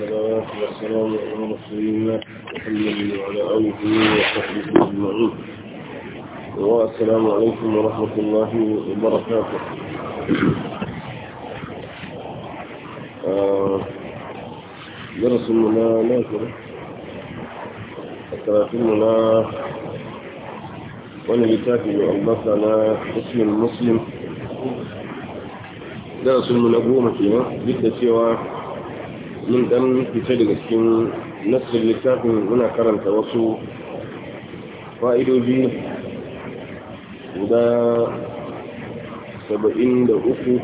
والصلاه والسلام على رسولنا محمد وعلى آله وصحبه أجمعين والسلام عليكم ورحمة الله وبركاته آه درس لنا ناكر الثلاثين لنا وانا بتاكل أنبثنا اسم المسلم درس لنا أبوه مثلا جدا سواه mun dan fita daga cikin nassar littafin muna karanta wasu fa'idobi guda saba'in da uku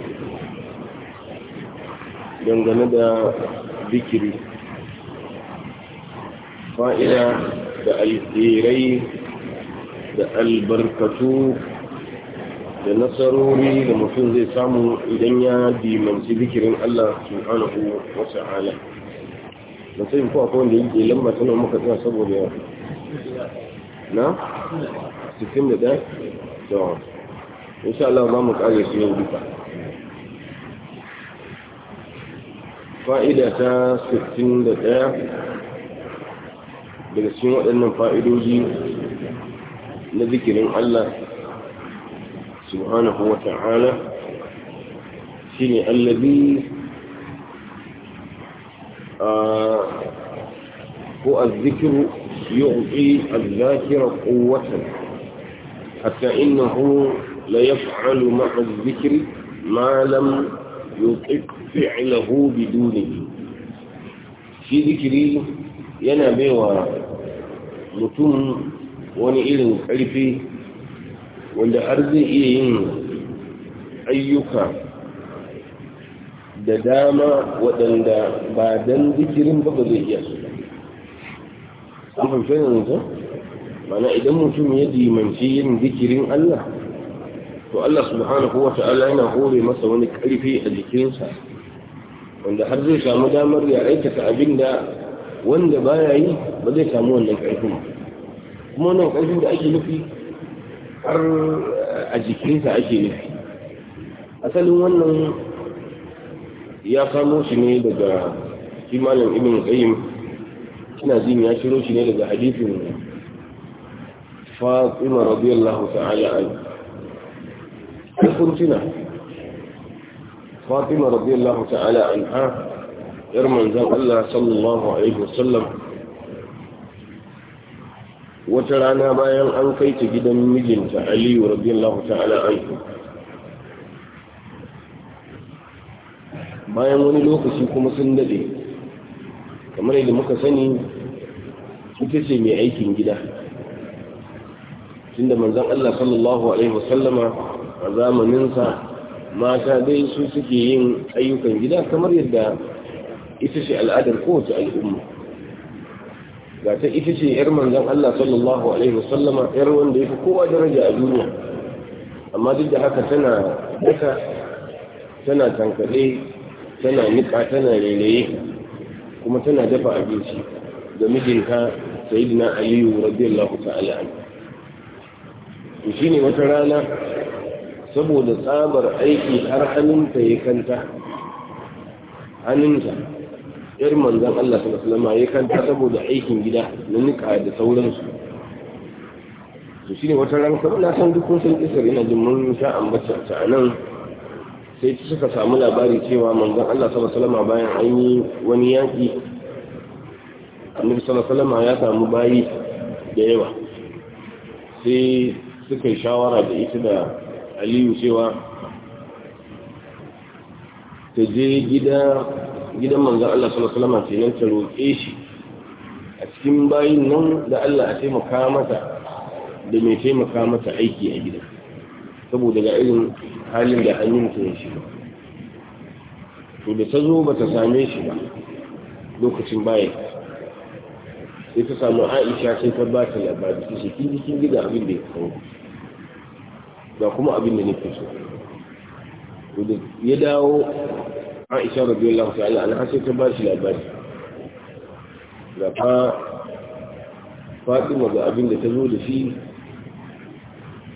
dangane da bikiri fa'ida da alherai da albarkatu da nasarori da mutum zai samu idan ya dimanci zikirin Allah su subhanahu wasu hala da sai kuwa kawai da yake lamba tana muka tsaya saboda yawa na 61 to insha Allah za mu kare su yin duka fa'ida ta 61 daga cikin waɗannan fa'idoji na zikirin Allah سبحانه وتعالى في الذي آه، هو الذكر يعطي الذاكر قوة حتى إنه ليفعل مع الذكر ما لم يطق فعله بدونه في ذكري ينبي ومتم ونئل الحرفي wanda har zai iya yin ayyuka da dama waɗanda ba don zikirin ba ba zai iya su an fahimta mana idan mutum ya dimanci yin zikirin Allah to Allah subhanahu wa ta'ala yana hore masa wani karfi a jikinsa wanda har zai samu damar ya aikata abin da wanda baya yi ba zai samu wannan ƙarfin. kuma wannan ƙarfin da ake nufi har a jikinsa ake nufi asalin wannan ya samo shi ne daga kimanin ibn qayyim ina jin ya shiro shi ne daga hadisin fatima radiyallahu ta'ala an kuntina fatima radiyallahu ta'ala anha yar manzon Allah sallallahu alaihi wasallam wata rana bayan an kai ta gidan mijinta aliyu radiyallahu ta'ala anhu bayan wani lokaci kuma sun daɗe, kamar yadda muka sani ita ce mai aikin gida tunda manzon Allah sallallahu alaihi wasallama a zamaninsa mata dai su suke yin ayyukan gida kamar yadda ita ce al'adar kowace al'umma ga ta ita ce yar manzon Allah sallallahu alaihi wasallama yar wanda yafi kowa daraja a duniya amma duk da haka tana daka tana tankade tana nika tana rairaye kuma tana dafa abinci ga mijinta sayyidina aliyu radiyallahu ta'ala to shine wata rana saboda tsabar aiki har hannunta ya kanta hannunta irin manzan Allah masu lama ya kanta saboda aikin gida na nika da sauransu Su shi ne wata ran na san duk kun san kisar ina jin mun sha ambata ta nan sai suka samu labari cewa manzan Allah masu lama bayan an yi wani yaki annabi masu lama ya samu bayi da yawa sai suka yi shawara da ita da Aliyu cewa ta je gida gidan manzan Allah sallallahu alaihi wasallam kenan ta roƙe shi a cikin bayin nan da Allah a taimaka mata da mai taimaka mata aiki a gidan saboda ga irin halin da an yi mutum shi ba to da ta zo ba ta same shi ba lokacin bayan sai ta samu aisha sai ta ba ta labari ta shi kin kin gida abin da ya kawo ga kuma abin da nake so to da ya dawo aisha radiyallahu ta'ala anha sai ta ba shi labari da fa fatima ga abin da ta zo da shi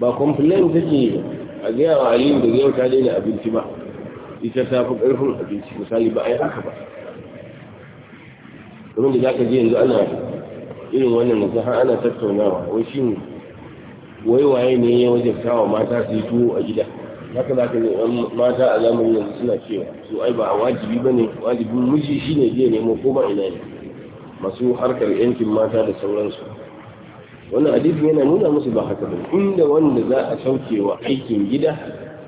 ba complain take a ga yawa aliyu da yau ta daina abinci ba ita ta fi karfin abinci misali ba a yi haka ba domin da za ka je yanzu ana irin wannan har ana tattaunawa wai shi wai waye ne ya wajen wa mata su yi tuwo a gida haka za ka yan mata a zamanin yanzu suna cewa su ai ba wajibi ba ne wajibin miji shi ne zai nemo ko ba ina ne masu harkar yankin mata da sauransu wannan hadisi yana nuna musu ba haka ba inda wanda za a saukewa aikin gida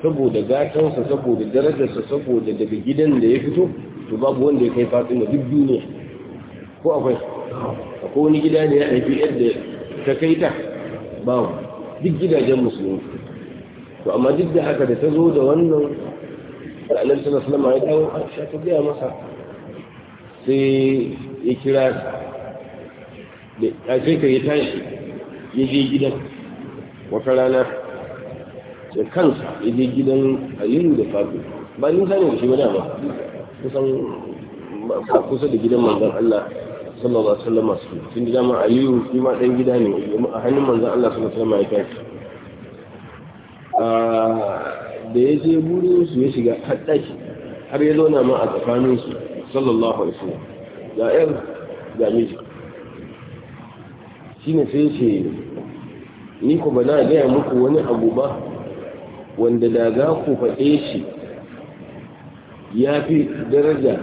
saboda gatansa saboda darajarsa saboda daga gidan da ya fito to babu wanda ya kai da duk duniya ko akwai akwai wani gida da ya haifi yadda ta kai ta babu duk gidajen musulunci to amma duk da haka da ta zo da wannan da ta sallallahu ya dawo Aisha ta biya masa sai ya kira da sai ka yi tashi ya je gidan wata rana da kansa ya je gidan Aliyu da Fafi ba nisa ne da shi ba dama kusan kusa da gidan manzan Allah sallallahu alaihi wasallam su tun da dama Aliyu shi ma dan gida ne a hannun manzon Allah sallallahu alaihi wasallam ya tashi Ah, da ya je buru su ya shiga haddashi har ya zauna ma a tsakanin su sallallahu alaihi wasallam ga yar ga miji shine sai ce ni ku ba na gaya muku wani abu ba wanda da za ku faɗe shi ya fi daraja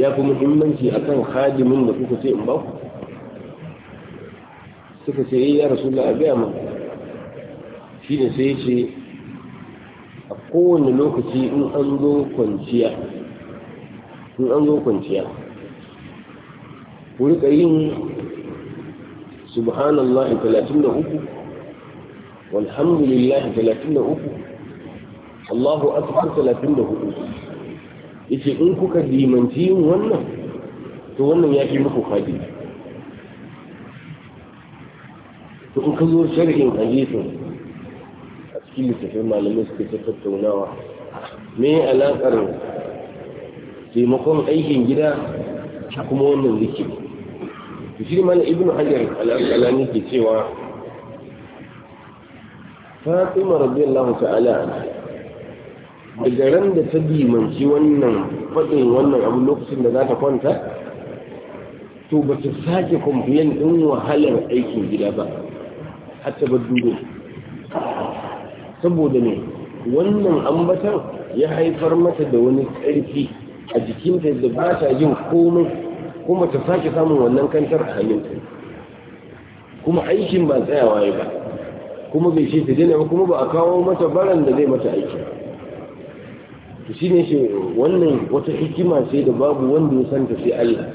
ya fi muhimmanci akan hadimin da kuka ce in ba ku suka ce eh, ya rasu da a gaya ma shi ne sai ce a kowane lokaci in an zo kwanciya in an zo kwanciya ku rika yin subhanallah 33 walhamdulillah 33 Allahu akbar 34 yace in kuka dimanci yin wannan to wannan ya fi muku fadi to in ka zo shari'in hadisin cikin littafin malamai suke ta tattaunawa me alaƙar taimakon aikin gida ta kuma wannan zikiri to shi malam ibnu hajar al ne ke cewa fatima radiyallahu ta'ala daga ran da ta dimanci wannan faɗin wannan abu lokacin da za ta kwanta to ba ta sake kwamfiyan ɗin wahalar aikin gida ba hatta ba duniya saboda ne wannan ambatan ya haifar mata da wani ƙarfi a jikinta da ba ta yin komai kuma ta sake samun wannan kantar a hannunta kuma aikin ba tsayawa ya ba kuma bai ce ta daina ba kuma ba a kawo mata baran da zai mata aiki to shi ne wannan wata hikima sai da babu wanda ya santa sai Allah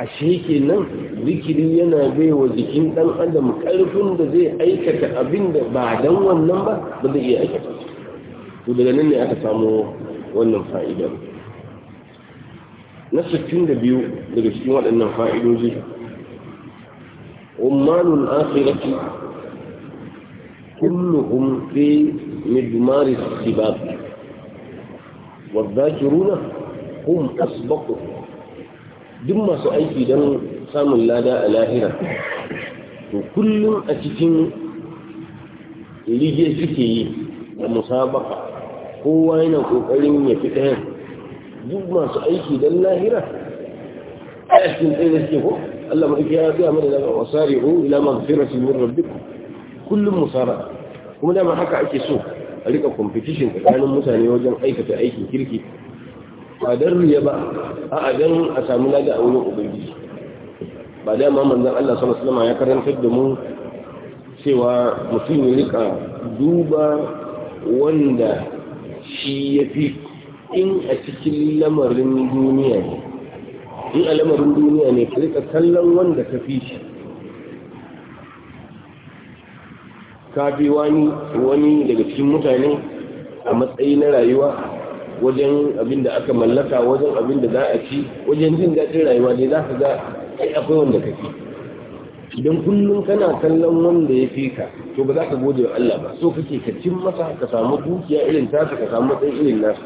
ashe kenan zikiri yana bai wa jikin dan adam karfin da zai aikata abin da ba dan wannan ba ba zai iya aikata to daga nan ne aka samu wannan fa'idar? na 62 daga cikin waɗannan fa'idoji ummanul akhirati kulluhum fi midmar as-sibab runa هم أسبقهم duk masu aiki don samun lada a lahira to kullum a cikin rige suke yi da musabaka kowa yana kokarin ya fi ɗaya duk masu aiki don lahira a cikin ɗaya suke ko Allah maɗauki da tsaya mana daga wasari ko ila magfira su yi rabbi kullum musara kuma dama haka ake so a rika competition tsakanin mutane wajen aikata aikin kirki ba don riya ba a don a sami lada a wurin ubangiji ba da ma manzan Allah sallallahu alaihi ya karantar da mu cewa mutum ya rika duba wanda shi ya fi in a cikin lamarin duniya ne in a lamarin duniya ne ka rika kallon wanda ka fi shi ka fi wani daga cikin mutane a matsayi na rayuwa wajen abin da aka mallaka wajen abin da za a ci wajen jin daɗin rayuwa dai za ka ga kai akwai wanda ka fi idan kullum kana kallon wanda ya fi ka to ba za ka gode wa Allah ba so kake ka cin masa ka samu dukiya irin tasa ka samu matsayin irin nasa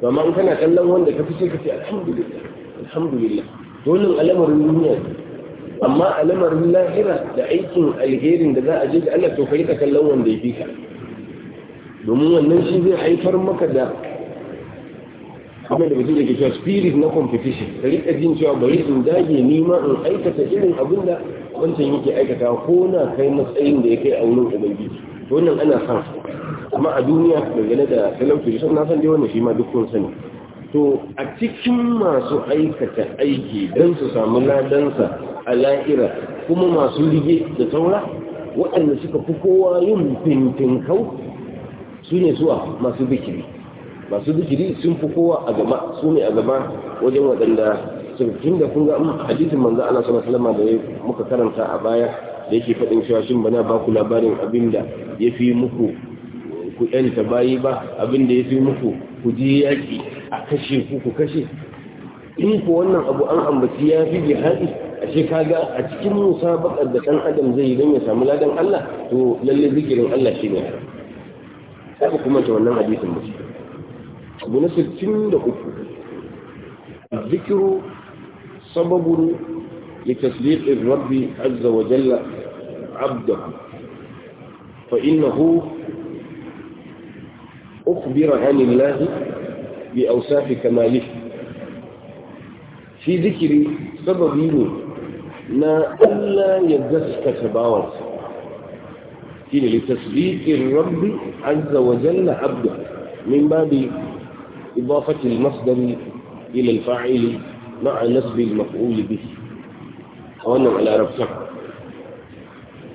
to amma in kana kallon wanda ka fi ce ka ce alhamdulillah alhamdulillah to wannan al'amarin duniya amma al'amarin lahira da aikin alherin da za a je da Allah to ka kallon wanda ya fi ka domin wannan shi zai haifar maka da kamar da mutum yake cewa spirit na competition ka rika jin cewa bari in dage nima in aikata irin abin da wancan yake aikata ko na kai matsayin da ya kai a wurin ubangiji to wannan ana san amma a duniya dangane da talauci sun na san dai wannan shi ma duk kun sani to a cikin masu aikata aiki don su samu ladansa a la'ira kuma masu rige da saura waɗanda suka fi kowa yin fintinkau su ne zuwa masu bikini masu zikiri sun fi kowa a gaba su ne a gaba wajen waɗanda tun da kun ga hadisin manzo Allah sallallahu alaihi wasallam da muka karanta a baya da yake faɗin cewa shin bana ba ku labarin abin da ya fi muku ku yanta bayi ba abin da ya fi muku ku je yaƙi a kashe ku ku kashe in ku wannan abu an ambaci ya fi jihadi ce kaga a cikin musabaqar da ɗan adam zai yi don ya samu ladan Allah to lalle zikirin Allah shi shine sai kuma ta wannan hadisin ba الذكر سبب لتصديق الرب عز وجل عبده فإنه أخبر عن الله بأوصاف كماله في ذكر سببين نا ألا يدسك تباور لتصديق الرب عز وجل عبده من باب إضافة المصدر إلى الفاعل مع نسب المفعول به wannan a larabtar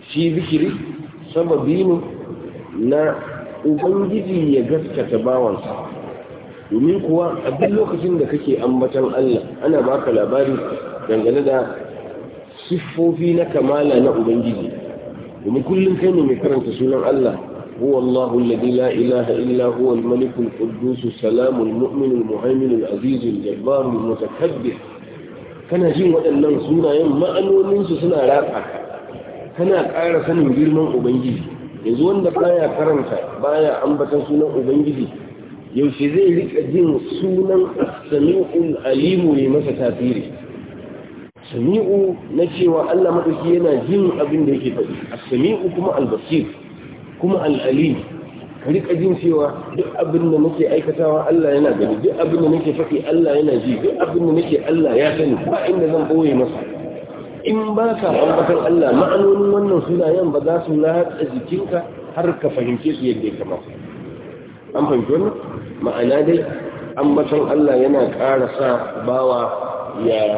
shi zikiri sababi ne na ubangiji ya gaskata bawan. domin kuwa a lokacin da kake ambatan Allah ana baka labari dangane da siffofi na kamala na ubangiji domin kullum kai ne mai karanta sunan Allah هو الله الذي لا إله إلا هو الملك القدوس السلام المؤمن المهيمن العزيز الجبار kana jin waɗannan sunayen ma'anoninsu suna raƙa. kana ƙara sanin girman ubangiji yanzu wanda baya karanta baya ambatan sunan ubangiji yaushe zai riƙa jin sunan sami'ul alimu ne masa tasiri sami'u na cewa Allah madauki yana jin abin da yake faɗi as-sami'u kuma al kuma al'alim ka rika jin cewa duk abinda da nake aikatawa Allah yana gani duk abinda nake faɗi Allah yana ji duk abinda da nake Allah ya sani ba inda zan boye masa in ba ka ambatan Allah ma'anonin wannan sunayen ba za su latsa jikinka har ka fahimce su yadda ya kamata an fahimci wannan ma'ana dai ambatan Allah yana ƙara sa bawa ya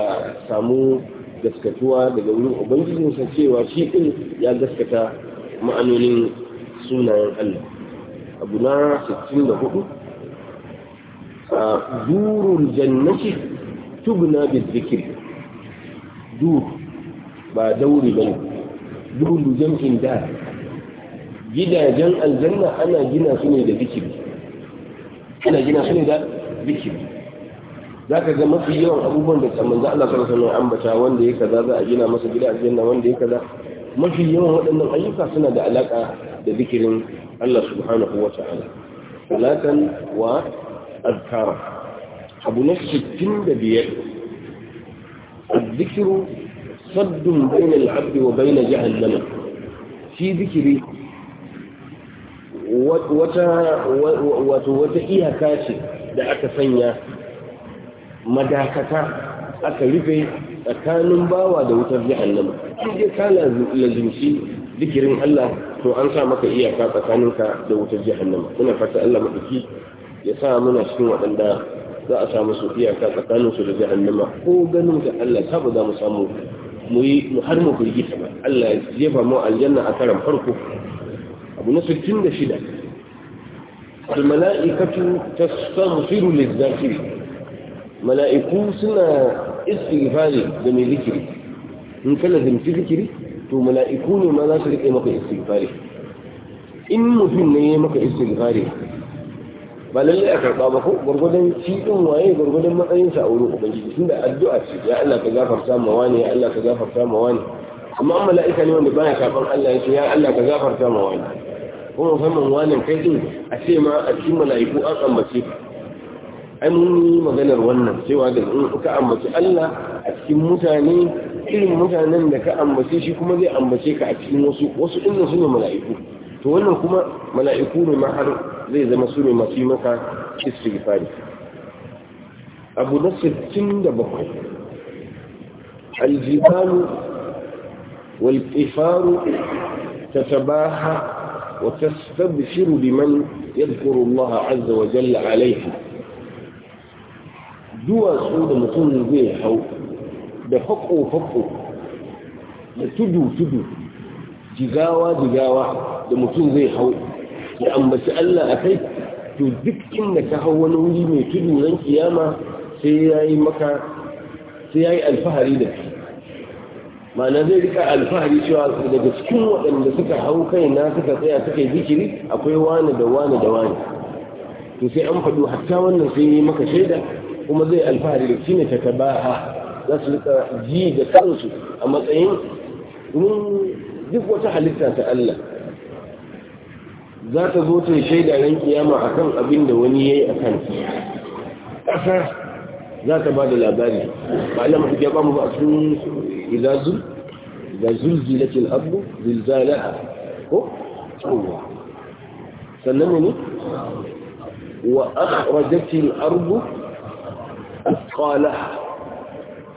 samu gaskatuwa daga wurin ubangijinsa cewa shi ɗin ya gaskata ma'anonin sunayen Allah abu na 64 a durul jannati tubna bil zikir dur ba dauri bane durun jam'in da gidajen aljanna ana gina su ne da zikir ana gina su ne da zikir za ka ga mafi yawan abubuwan da kamar za Allah sarrafa mai ambata wanda ya kaza za a gina masa gida aljanna wanda ya kaza mafi yawan waɗannan ayyuka suna da alaƙa da zikirin Allah subhanahu wa ta'ala salatan wa azkara abu na 65 الذكر صد بين العبد وبين jihar في Shi wata wata iyaka ce da aka sanya madakata aka rufe tsakanin bawa da wutar jahannama in dai kana lazimci zikirin Allah to an sa maka iyaka tsakaninka da wutar jahannama muna fata Allah madaki ya sa muna cikin waɗanda za a samu su iyaka tsakaninsu da jahannama ko ganin da Allah ta ba za mu samu mu yi mu har mu firgita ba Allah ya jefa mu aljanna a karan farko abu na 66 almala'ikatu tastaghfiru lizakiri mala'iku suna istighfari ga mai zikiri in kana zimci zikiri to mala'iku ne ma za su riƙe maka istighfari in mutum ne ya maka istighfari ba lallai a karɓa ba ko gwargwadon shi ɗin waye gwargwadon sa a wurin ubangiji tunda addu'a ce ya Allah ka gafarta ma wani ya Allah ka gafarta ma wani amma an mala'ika ne wanda baya karɓan Allah ya ce ya Allah ka gafarta ma wani kuma musamman wani kai ɗin a ce ma a cikin mala'iku an ambace ka an yi maganar wannan cewa da in ka ambaci Allah a cikin mutane irin mutanen da ka ambace shi kuma zai ambace ka a cikin wasu wasu inda su ne mala'iku to wannan kuma mala'iku ne ma har zai zama su ne masu maka istighfari abu na 67 aljibalu wal ifaru tatabaha wa tastabshiru biman yadhkuru Allah azza wa jalla alayhi duwa su da mutum zai hau da faƙo-faƙo da tudu-tudu jigawa-jigawa da mutum zai hau Da ambaci Allah a kai to duk inda ka hau wani wuri mai tudu ran kiyama sai ya yi alfahari da shi ma'ana zai rika alfahari cewa daga cikin waɗanda suka hau kai na suka tsaya suka yi zikiri akwai wani da wani da wani to sai an faɗo hatta wannan sai ya yi maka shaida kuma zai alfahari da shi ne ta tabaha za su rika ji da kansu a matsayin domin duk wata halitta ta Allah za ta zo ta shaida ran kiyama kan abin da wani ya yi a kan ƙasa za ta ba da labari ba Allah mafi ya ba mu ba sun idazul da zulzilatil ardu zilzalaha ko tsawa sannan ne wa akhrajatil ardu asqalaha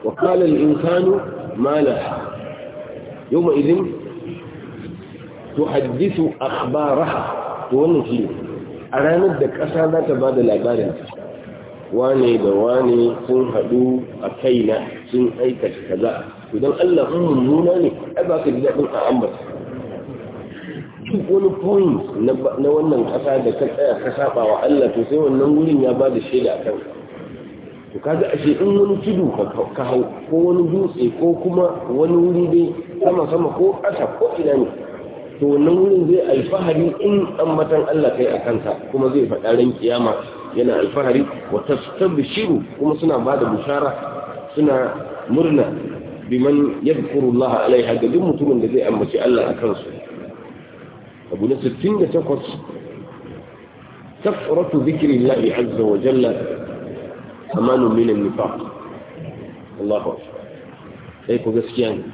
وقال الإنسان ما لها يومئذ تحدث أخبارها تونسي أرانبك أسادة بعد العبارة واني دواني سن هدو أكينا سن أيكش كذا إذن الله هم النوناني أبا تبدأ من أعمر شوف ون بوينت نوانا أسادة كتا خسابة وعلا تسيوان نقولين يا بعد الشيء لأكينا to kaga ashe in wani tudu ka hau ko wani dutse ko kuma wani wuri dai sama sama ko ƙasa ko ina ne to wannan wurin zai alfahari in ambatan Allah kai a kansa kuma zai faɗa ran kiyama yana alfahari wa tastabshiru kuma suna ba da bushara suna murna biman yadhkuru Allah alaiha ga duk mutumin da zai ambaci Allah a kansu abu na 68 kafratu dhikrillahi azza wa jalla amanu minan nifaq Allahu sai ku gaskiya ne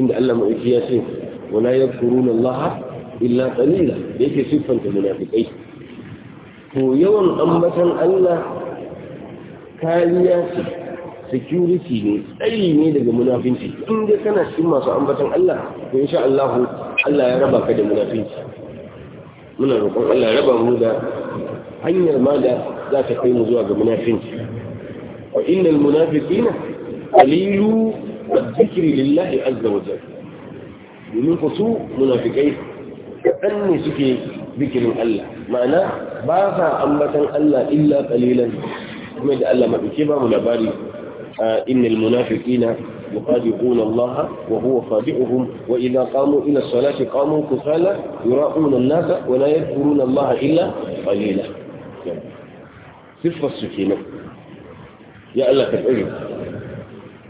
inda Allah mai ya ce wala yadhkuruna Allah illa qalila yake siffanta munafikai to yawan ambatan Allah kariya security ne tsayi ne daga munafinci in dai kana cikin masu ambatan Allah to insha Allah Allah ya raba ka da munafinci muna roƙon Allah ya raba mu da hanyar ma da za ta kai mu zuwa ga munafinci wa innal munafiqina qalilu adh-dhikri lillahi azza wa jalla domin ku su munafikai kaɗan ne suke zikirin Allah ma'ana ba sa ambatan Allah illa qalilan kuma da Allah maɗauke ba mu labari innal munafiqina يخادعون الله وهو خادعهم وإذا قاموا إلى الصلاة قاموا كسالى يراؤون الناس ولا يذكرون الله إلا قليلا تلف نفس يا الله تبعيه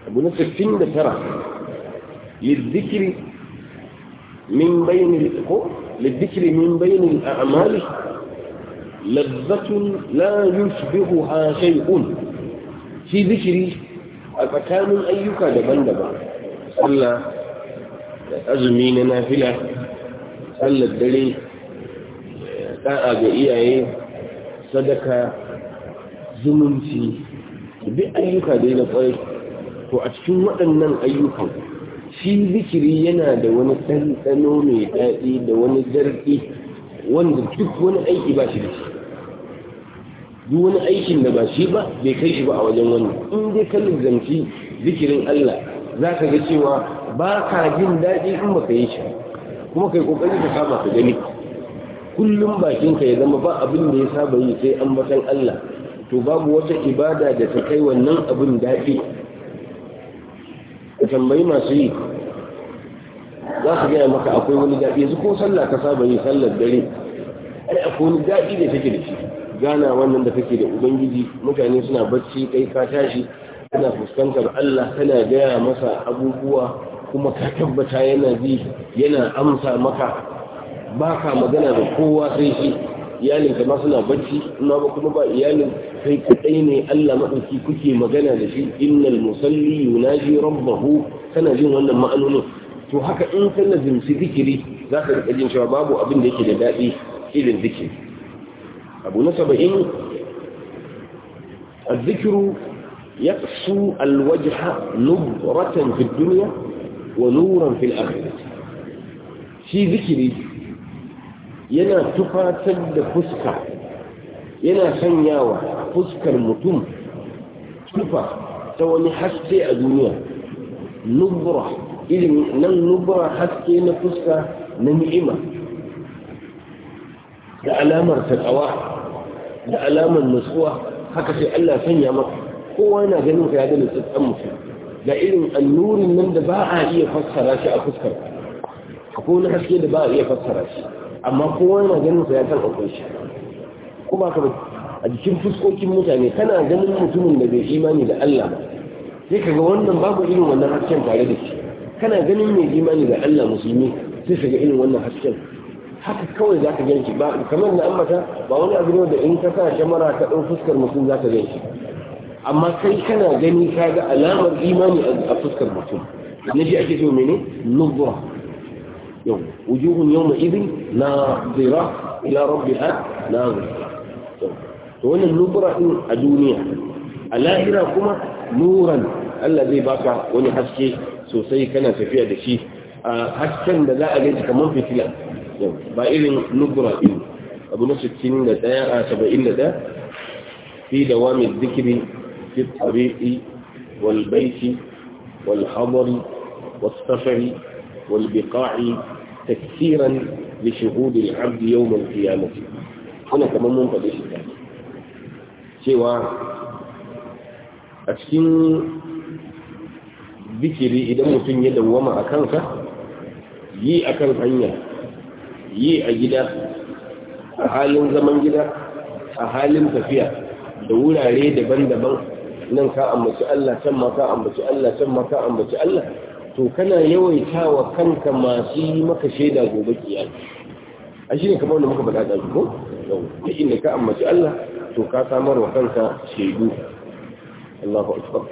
أبو نصر فين ده ترى للذكر من بين الأقوم للذكر من بين الأعمال لذة لا يشبهها شيء في ذكري أفكان أيك دبن دبن صلى أزمين نافلة صلى الدليل تاء بإيه صدقة zumunci duk ayyuka da na kwarai to a cikin waɗannan ayyukan shi zikiri yana da wani ɗanɗano mai daɗi da wani zarfi wanda duk wani aiki ba shi da shi duk wani aikin da ba shi ba bai kai shi ba a wajen wani in dai ka lizanci zikirin Allah za ka ga cewa ba ka jin daɗi in ba ka yi shi kuma kai kokari ka kama ka gani kullum bakinka ya zama ba abin da ya saba yi sai an batan Allah to babu wata ibada da ta kai wannan abin daɗi ka tambayi masu yi za su gaya maka akwai wani daɗi yanzu ko sallah ka saba yi sallar dare ai akwai wani daɗi da take da shi gana wannan da kake da ubangiji mutane suna bacci kai ka tashi kana fuskantar Allah kana gaya masa abubuwa kuma ka tabbata yana ji yana amsa maka ba ka magana da kowa sai shi iyalinka ma suna bacci ina ba kuma ba iyalin kai kadai ne Allah madauki kuke magana da shi innal musalli yunaji rabbahu kana jin wannan ma'anonin to haka in ka shi zikiri za ka rika jin cewa babu abin da yake da dadi irin zikiri abu na saba'in الذكر يقسو الوجه نبرة في الدنيا ونورا في الآخرة في ذكري yana tufatar da fuska yana sanyawa fuskar mutum tufa ta wani haske a duniya Nubura ilimi nan nubura haske na fuska na ni'ima da alamar taƙawa da alamar nutsuwa haka sai Allah sanya maka kowa yana ganin ka ya ga nutsatsen mutum da irin annurin nan da ba a iya fassara shi a fuskar akwai wani haske da ba a iya fassara shi amma kowa yana ganin sa ya san akwai shi ko ba ka a jikin fuskokin mutane kana ganin mutumin da bai imani da Allah ba sai kaga wannan babu irin wannan hasken tare da shi kana ganin mai imani da Allah musulmi sai kaga irin wannan hasken haka kawai za ka gan shi ba kamar da ambata ba wani abu ne da in ka sa shamara ka dau fuskar mutum za ka gan shi amma kai kana gani ka ga alamar imani a fuskar mutum na ji ake so mene nubuwa yau wujuhun yau mai izin na zira ila rabbi an na zira to wannan nubura din a duniya a lahira kuma nuran Allah zai baka wani haske sosai kana tafiya da shi a hasken da za a gaji kamar fitila ba irin nubura din abu na 61 a 71 في الطريق والبيت والحضر والسفر والبقاع تكثيرا لشهود العبد يوم ma هنا كمان من قد cewa a cikin zikiri idan mutum ya dawwama a kansa yi a kan hanya yi a gida a halin zaman gida a halin tafiya da wurare daban-daban nan ka ambaci Allah can ma ka ambaci Allah can ma ka ambaci Allah to kana yawaita wa kanka masu yi maka shaida gobe kiyama a shi ne kamar da muka faɗa su ko duk inda ka ammaci Allah to ka samar wa kanka shaidu Allahu akbar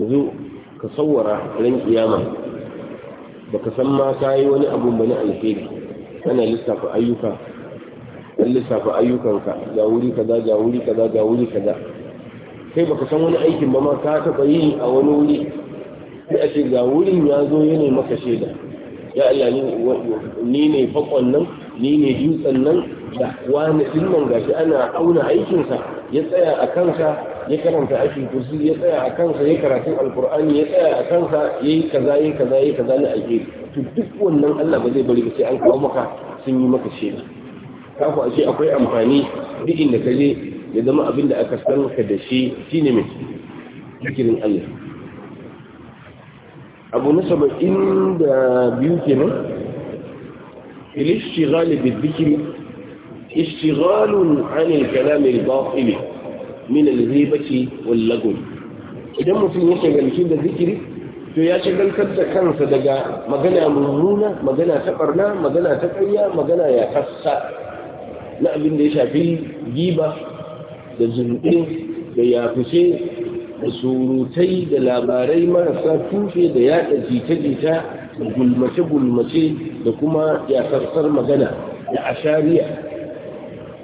yanzu ka sawara ran kiyama baka san ma ka yi wani abu ba na alheri kana lissafa ayyuka kan lissafa ayyukanka ga wuri kaza ga wuri kaza ga wuri kaza kai baka san wani aikin ba ma ka taɓa yi a wani wuri sai a ce ga wurin ya zo ya maka shaida ya Allah ni ne fakon nan ni ne dutsen nan da wani dinnan gashi ana auna aikinsa ya tsaya a kansa ya karanta aikin kursi ya tsaya a kansa ya karatu alkur'ani ya tsaya a kansa ya yi kaza ya kaza ya kaza na aiki to duk wannan Allah ba zai bari ba sai an kawo maka sun yi maka shaida kafu a ce akwai amfani duk inda ka ya zama abin da aka san ka da shi shine mai zikirin Allah abu na saba'in da biyu kenan ilishtighali bizikiri ishtighalun anil kalamil batili min alghibati wal idan mutum ya shagalci da zikiri to ya shagaltar da kansa daga magana mummuna magana ta barna magana ta ƙarya magana ya kassa na abin da ya shafi giba da zunɗe da yafushe da surutai da labarai marasa tufe da yaɗa jita-jita da gulmace-gulmace da kuma sassar magana da ashariya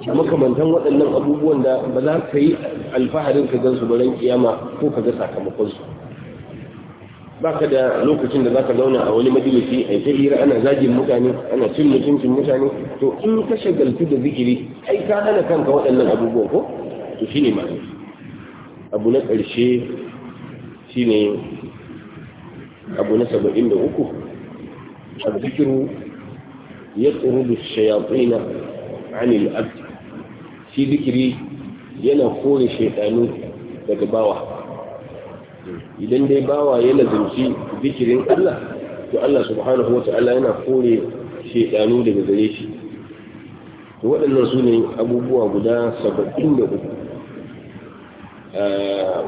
da makamantan waɗannan abubuwan da ba za ka yi alfaharin ka gansu baran kiyama ko ka ga sakamakonsu ba ka da lokacin da za ka zauna a wani majalisi a ta hira ana zagin mutane ana cin mutuncin mutane to in ka shagaltu da zikiri ai ka hana kanka waɗannan abubuwan ko to shi ne ma'ana abu na ƙarshe shi ne abu na saba'in da uku a zikiru ya tsoro da shayatsina anil abdi shi zikiri yana kore shaidanu daga bawa idan dai bawa yana zunci zikirin Allah to Allah subhanahu wa ta'ala yana kore shaidanu daga gare shi to waɗannan su ne abubuwa guda saba'in da uku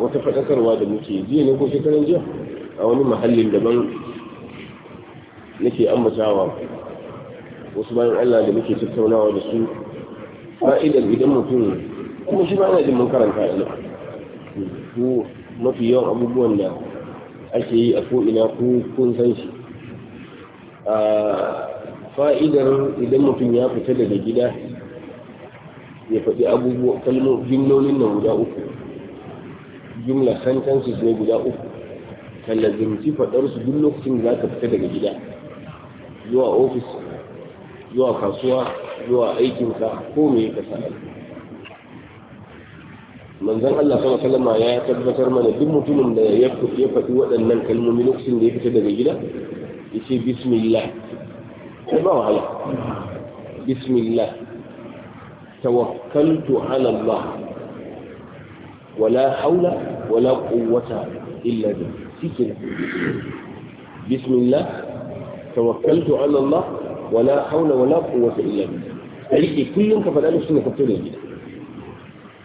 wata faɗakarwa da muke jiya ne ko shekaran jiya a wani mahallin daban nake ambatawa wasu bayan Allah da muke tattaunawa da su fa'idar idan mutum kuma shi ba yana jin mun karanta ina ko mafi yawan abubuwan da ake yi a ko'ina ko kun san shi fa'idar idan mutum ya fita daga gida ya faɗi abubuwa kalmomin jimlolin nan guda uku jumla sentences ne guda uku ka lazimci faɗarsu duk lokacin da za ka fita daga gida zuwa ofis zuwa kasuwa zuwa aikinka ko me ka sa manzon Allah sallallahu alaihi wasallam ya tabbatar mana duk mutumin da ya ya faɗi waɗannan kalmomi lokacin da ya fita daga gida yace bismillah sai ba wahala bismillah tawakkaltu ala Allah wala haula wala quwwata illa billah shikenan bismillah tawakkaltu ala Allah wala hawla wala quwwata illa billah kai kullum ka faɗa da shi ka gida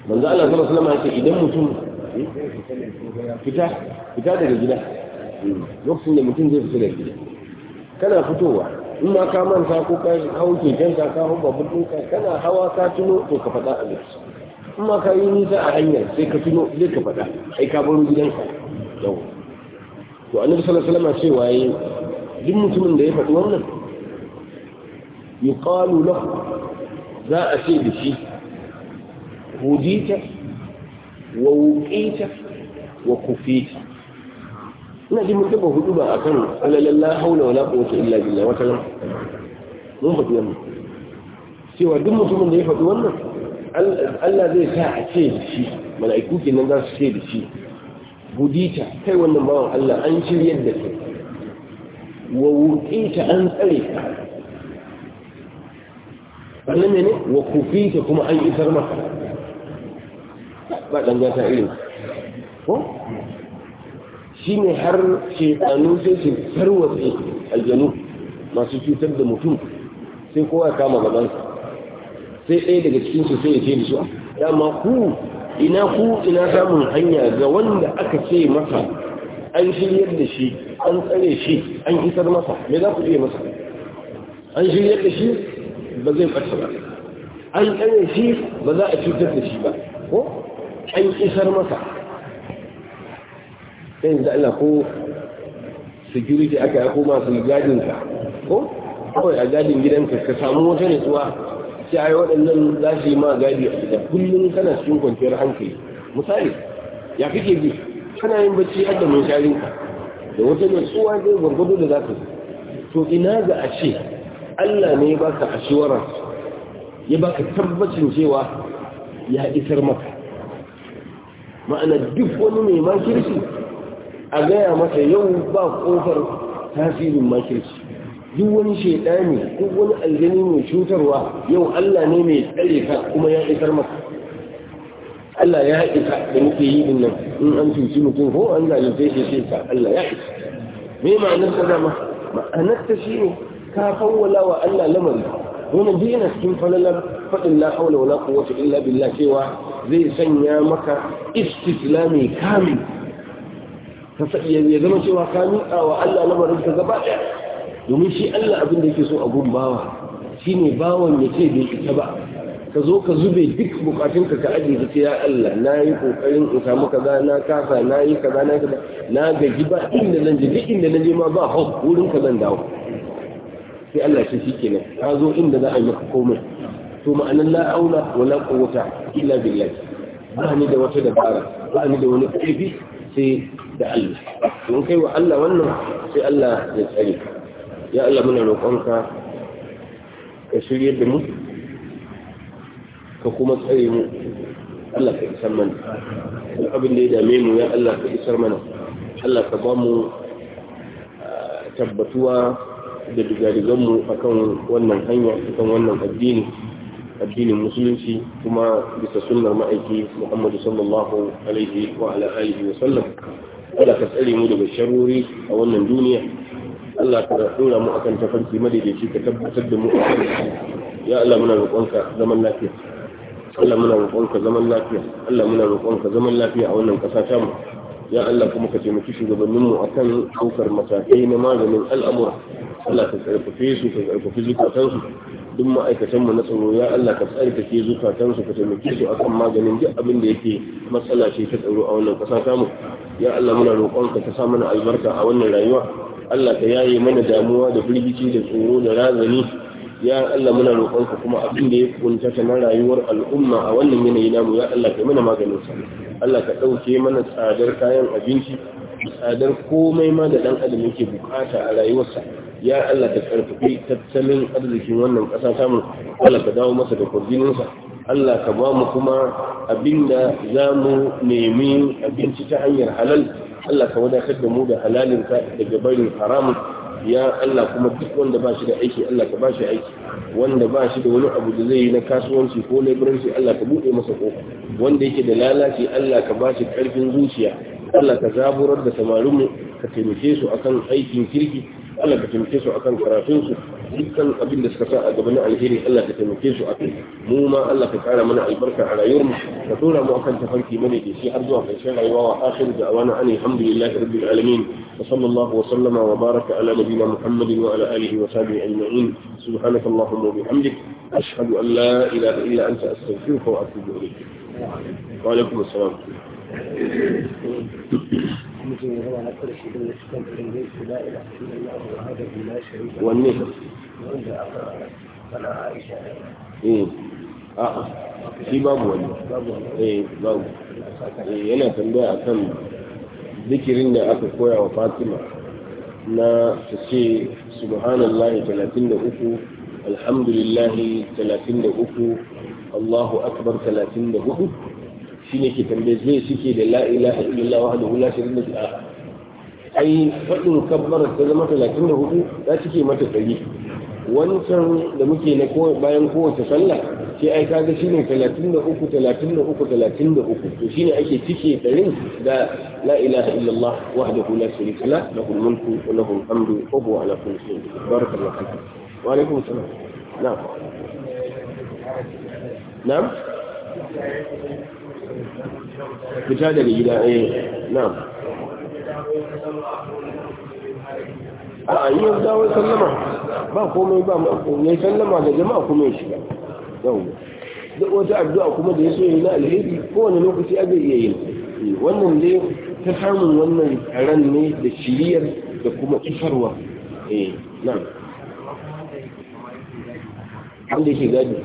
manzo Allah sallallahu alaihi wasallam yake idan mutum fita daga gida lokacin da mutum zai fita daga gida kana fitowa in ma ka manta ko ka hau kekenka ka hau babban kana hawa katuno to ka faɗa a kuma ka yi nisa a hanyar sai ka tuno zai ka faɗa ai ka baro gidanka yau to annabi sallallahu alaihi wasallam cewa yi duk mutumin da ya faɗi wannan yuqalu lahu za a ce da shi hudita wa wuqita wa kufita ina ji mun taba hudu ba akan alalalla haula wala quwwata illa billah wata kalam mun faɗi wannan cewa duk mutumin da ya faɗi wannan Allah zai sa a ce da shi mala'iku kenan za su ce da shi budita kai wannan bawan Allah an shiryar da kai wa wuƙita an tsare ka wannan ne wa kufita kuma an isar maka ba dangata irin ko shi ne har shekanu sai su tarwatsa aljanu masu cutar da mutum sai kowa kama gabansa sai ɗaya daga cikin su sai ya ce da su ah, dama ku ina ku ina samun hanya ga wanda aka ce masa an shiryar da shi an tsare shi an isar masa me za ku iya masa an shiryar da shi ba zai ɓarsa ba an tsare shi ba za a cutar da shi ba ko an isar masa ɗayin da Allah ko security aka yi ko masu gadinka ko kawai a gadin gidanka ka samu wata nutsuwa sai ai waɗannan za su yi ma gadi a gida kullum kana cikin kwanciyar hankali misali ya kake bi kana yin bacci har da munsharinka da wata natsuwa zai gwargwado da za ka to ina ga a ce Allah ne ya baka shiwarar ya baka tabbacin cewa ya isar maka ma'ana duk wani mai makirci a gaya maka yau ba kofar tasirin makirci duk wani shaidani ko wani aljani mai cutarwa yau Allah ne mai tsare ka kuma ya isar maka Allah ya isa da muke yi din nan in an cuci mutum ko an zalunce shi sai ka Allah ya isa me ma'anar ta zama? ma'anar ta shi ne. ka fawwala wa Allah lamari Wani duk cikin falalar faɗin la hawla wala quwwata illa billah cewa zai sanya maka istislami kamil ka ya zama cewa ka miƙa wa Allah lamarin ka gaba ɗaya domin shi Allah abin da yake so a gun bawa shine bawan ya ce bai ita ba ka zo ka zube duk bukatunka ka ajiye ka ce ya Allah na yi kokarin in samu kaza na kasa na yi kaza na kaza na gaji ba inda nan je duk inda nan je ma ba hau wurin ka zan dawo sai Allah shi ce shikenan ka zo inda za a yi maka komai to ma'anar la aula wala quwwata illa billah ba ni da wata dabara ba ni da wani ƙarfi sai da Allah don kai wa Allah wannan sai Allah ya tsare ka ya Allah muna roƙonka ka shirye da mu ka kuma tsaye mu Allah ka isar mana duk abin da ya dame mu ya Allah ka isar mana Allah ka ba mu ah, tabbatuwa da dugadugan mu akan wannan hanya akan wannan addini addinin musulunci kuma bisa sunnar ma'aiki muhammadu sallallahu alaihi wa ala alihi wa sallam Allah ka tsare mu daga sharuri a wannan duniya Allah ka dora mu akan tafarki madaidaici ka tabbatar da mu akan ya Allah muna roƙonka zaman lafiya Allah muna roƙonka zaman lafiya Allah muna roƙonka zaman lafiya a wannan ƙasa ta mu ya Allah kuma ka taimaki shugabanninmu akan ɗaukar matakai na maganin al'amura Allah ka karfafe su ka karfafi zukatansu duk ma'aikatan mu na tsaro ya Allah ka tsarkake zukatansu ka taimaki su akan maganin duk abin da yake matsala ce ta tsaro a wannan ƙasa tamu ya Allah muna roƙonka ka sa mana albarka a wannan rayuwa Allah ka yaye mana damuwa da firgici da tsoro da razani ya Allah muna roƙonka kuma abin da ya kuntata na rayuwar al'umma a wannan yanayi namu ya Allah ka mana maganin sa Allah ka ɗauke mana tsadar kayan abinci tsadar komai ma da ɗan adam yake bukata a rayuwarsa ya Allah ka karfafi tattalin arzikin wannan ƙasa samu Allah ka dawo masa da kwarjininsa. Allah ka ba mu kuma abinda za mu nemi abinci ta hanyar halal Allah ka wadatar da mu da halalinka daga barin haramun ya Allah kuma duk wanda ba shi da aiki Allah ka ba shi aiki wanda ba shi da wani abu da zai yi na kasuwanci ko laburanci Allah ka buɗe masa kofa wanda yake da lalaci Allah ka ba shi ƙarfin zuciya Allah ka zaburar da samarinmu ka taimake su akan aikin kirki Allah ka taimake su akan karatun su dukkan abin da suka sa a gaban alheri Allah ka taimake su akai mu ma Allah ka kara mana albarka a rayuwar mu ka tura mu akan tafarki mana da shi har zuwa karshen rayuwa wa akhiru da'wana an alhamdulillahi rabbil alamin wa sallallahu wa sallama wa baraka ala nabiyyina muhammadin wa ala alihi wa sahbihi ajma'in subhanaka allahumma wa bihamdik ashhadu an la ilaha illa anta astaghfiruka wa atubu ilayk wa alaikum assalam wanne eh, shi babu wani eh, babu eh, yana tambaya akan zikirin da aka koya wa Fatima na ta ce subhanallahi 33 alhamdulillahi 33 Allahu akbar 34 shine ke tambaye zai suke da la ilaha illallah wahdahu la sharika lahu ai fadin kabbara ta zama 34 za su ke mata tsari wancan da muke na bayan kowace sallah sai ai kaga shine 33 33 33 to shine ake cike tsarin da la ilaha illallah wahdahu la sharika lahu lahul mulku wa lahul hamdu wa huwa ala kulli shay'in barakallahu fiik wa alaikum assalam na'am na'am fita daga gida ɗaya. Eh, na'am a yi yanzu dawo sallama ba komai ba ya sallama da jama'a kuma ya shiga yau duk wata addu'a kuma da ya so yi na alheri kowane lokaci a zai iya yin eh, wannan dai ta samun wannan ran ne da shiriyar da kuma isarwa eh na'am wanda yake gadi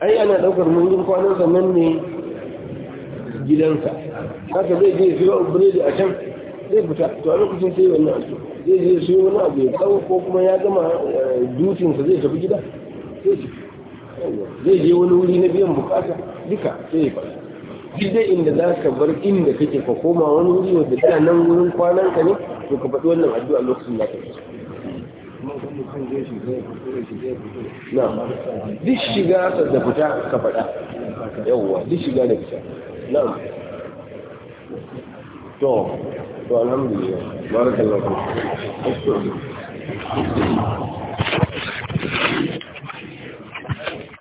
ai ana daukar mungin kwanan nan ne gidansa haka zai je siyo biredi a can zai fita to a lokacin sai wannan abu zai je siyo wani abu ya kawo ko kuma ya gama eh, dutinsa zai tafi gida zai je wani wuri na biyan bukata duka sai ya fara duk inda za ka bar inda kake ka koma wani wuri wanda da nan wurin kwanan ka ne to ka faɗi wannan addu'a lokacin da ka na duk shiga da fita ka faɗa yawwa duk shiga da fita na to to alhamdulillah barakallahu